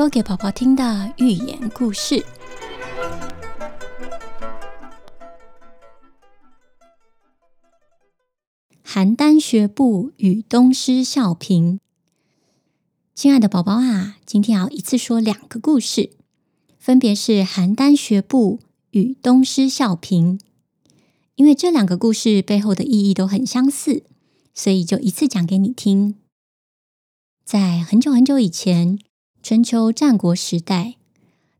說給寶寶聽的寓言故事：邯鄲學步與東施效顰。親愛的寶寶啊，今天要一次說兩個故事，分別是邯鄲學步與東施效顰。因為這兩個故事背後的意義都很相似，所以就一次講給你聽。在很久很久以前。春秋戰國時代，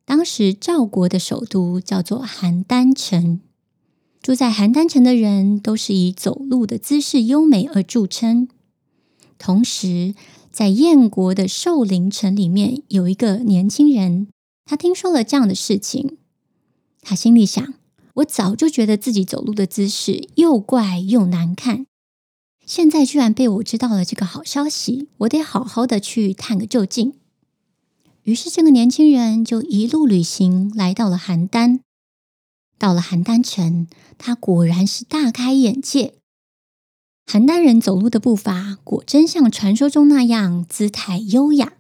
當時趙國的首都叫做邯鄲城。住在邯鄲城的人都是以走路的姿勢優美而著稱。同時，在燕國的壽陵城裡面，有一個年輕人，他聽說了這樣的事情，他心裡想：我早就覺得自己走路的姿勢又怪又難看，現在居然被我知道了這個好消息，我得好好的去探個究竟。於是，這個年輕人就一路旅行，來到了邯鄲。到了邯鄲城，他果然是大開眼界。邯鄲人走路的步伐果真像傳說中那樣，姿態優雅，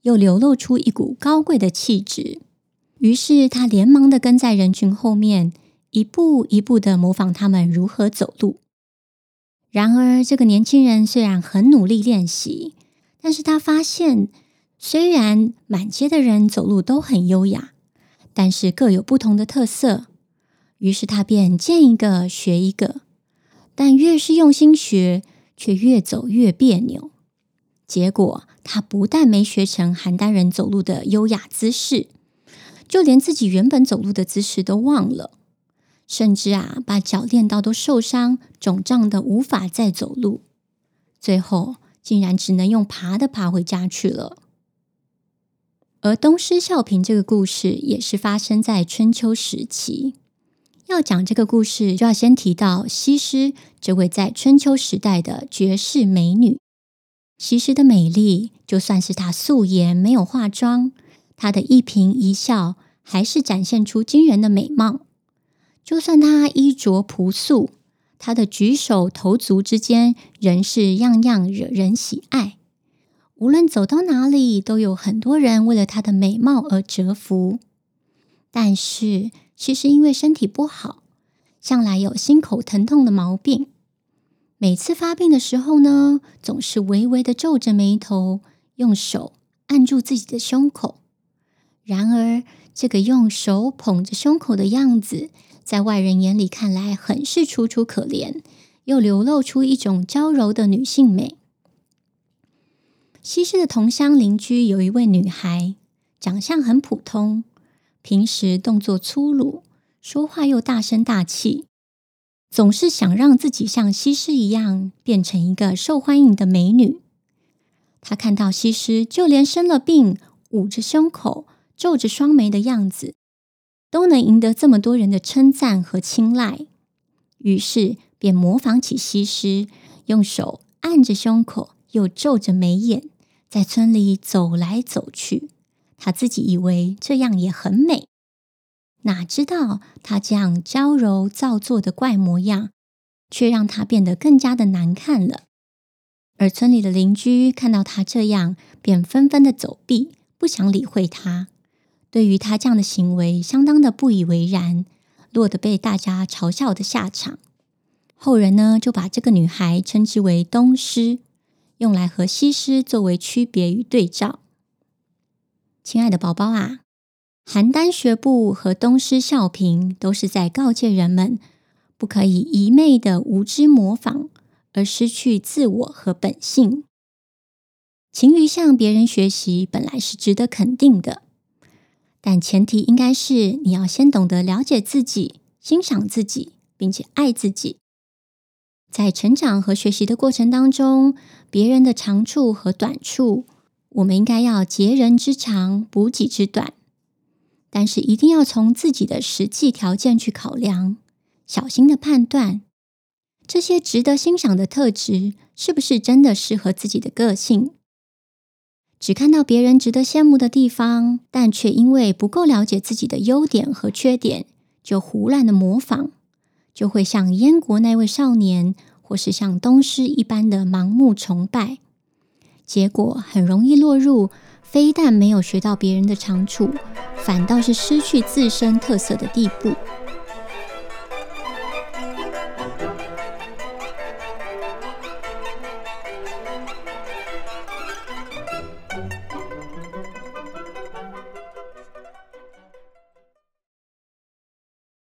又流露出一股高貴的氣質。於是，他連忙的跟在人群後面，一步一步的模仿他們如何走路。然而，這個年輕人雖然很努力練習，但是他發現，雖然滿街的人走路都很優雅，但是各有不同的特色。於是他便見一個學一個，但越是用心學，卻越走越彆扭。結果他不但沒學成邯鄲人走路的優雅姿勢，就連自己原本走路的姿勢都忘了，甚至啊，把腳練到都受傷、腫脹得無法再走路，最後竟然只能用爬的爬回家去了。而東施效顰這個故事也是發生在春秋時期。要講這個故事，就要先提到西施這位在春秋時代的絕世美女。西施的美麗，就算是她素顏沒有化妝，她的一顰一笑還是展現出驚人的美貌；就算她衣着樸素，她的舉手投足之間仍是樣樣惹人喜愛。無論走到哪裡，都有很多人為了她的美貌而折服。但是，其實因為身體不好，向來有心口疼痛的毛病。每次發病的時候呢，總是微微地皺着眉頭，用手按住自己的胸口。然而，這個用手捧着胸口的樣子，在外人眼裡看來，很是楚楚可憐，又流露出一種嬌柔的女性美。西施的同鄉鄰居有一位女孩，長相很普通，平時動作粗魯，說話又大聲大氣，總是想讓自己像西施一樣變成一個受歡迎的美女。她看到西施就連生了病，捂着胸口、皺着雙眉的樣子，都能贏得這麼多人的稱讚和青睞，於是便模仿起西施，用手按着胸口。又皺着眉眼，在村裡走來走去。他自己以為這樣也很美，哪知道他這樣嬌柔造作的怪模樣，卻讓他變得更加的難看了。而村裡的鄰居看到他這樣，便紛紛的走避，不想理會他。對於他這樣的行為，相當的不以為然，落得被大家嘲笑的下場。後人呢，就把這個女孩稱之為東施。用來和西施作為區別與對照。親愛的寶寶啊，邯鄲學步和東施效顰都是在告誡人們不可以一昧的無知模仿，而失去自我和本性。勤於向別人學習本來是值得肯定的，但前提應該是你要先懂得了解自己、欣賞自己，並且愛自己。在成長和學習的過程當中，別人的長處和短處，我們應該要借人之長補己之短，但是一定要從自己的實際條件去考量，小心的判斷這些值得欣賞的特質是不是真的適合自己的個性。只看到別人值得羨慕的地方，但卻因為不夠了解自己的優點和缺點，就胡亂的模仿。就會像燕國那位少年，或是像東施一般的盲目崇拜，結果很容易落入，非但沒有學到別人的長處，反倒是失去自身特色的地步。